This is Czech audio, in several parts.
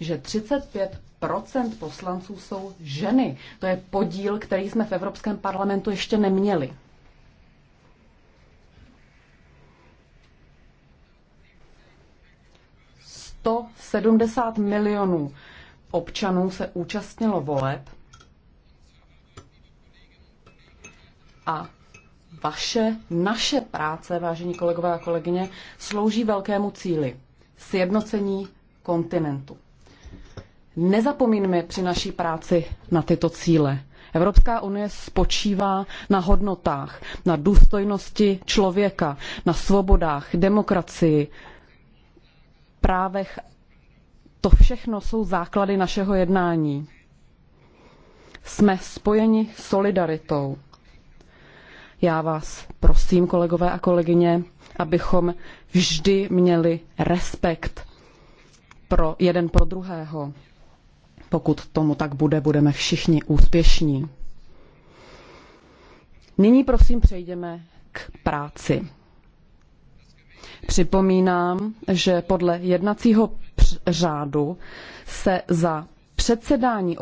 že 35 poslanců jsou ženy. To je podíl, který jsme v Evropském parlamentu ještě neměli. To 70 milionů občanů se účastnilo voleb a vaše, naše práce, vážení kolegové a kolegyně, slouží velkému cíli sjednocení kontinentu. Nezapomínáme při naší práci na tyto cíle. Evropská unie spočívá na hodnotách, na důstojnosti člověka, na svobodách, demokracii, právech. To všechno jsou základy našeho jednání. Jsme spojeni solidaritou. Já vás prosím, kolegové a kolegyně, abychom vždy měli respekt pro jeden pro druhého pokud tomu tak bude, budeme všichni úspěšní. Nyní prosím přejdeme k práci. Připomínám, že podle jednacího řádu se za předsedání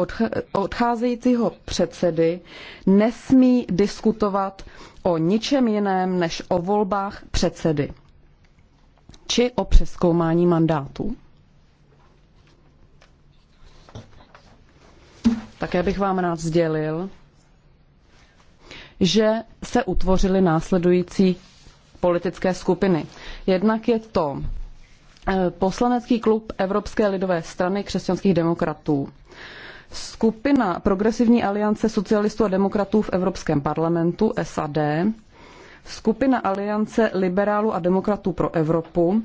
odcházejícího předsedy nesmí diskutovat o ničem jiném než o volbách předsedy či o přeskoumání mandátu. Také bych vám rád sdělil, že se utvořily následující politické skupiny. Jednak je to eh, poslanecký klub Evropské lidové strany křesťanských demokratů. Skupina Progresivní aliance socialistů a demokratů v Evropském parlamentu SAD, skupina Aliance liberálů a demokratů pro Evropu,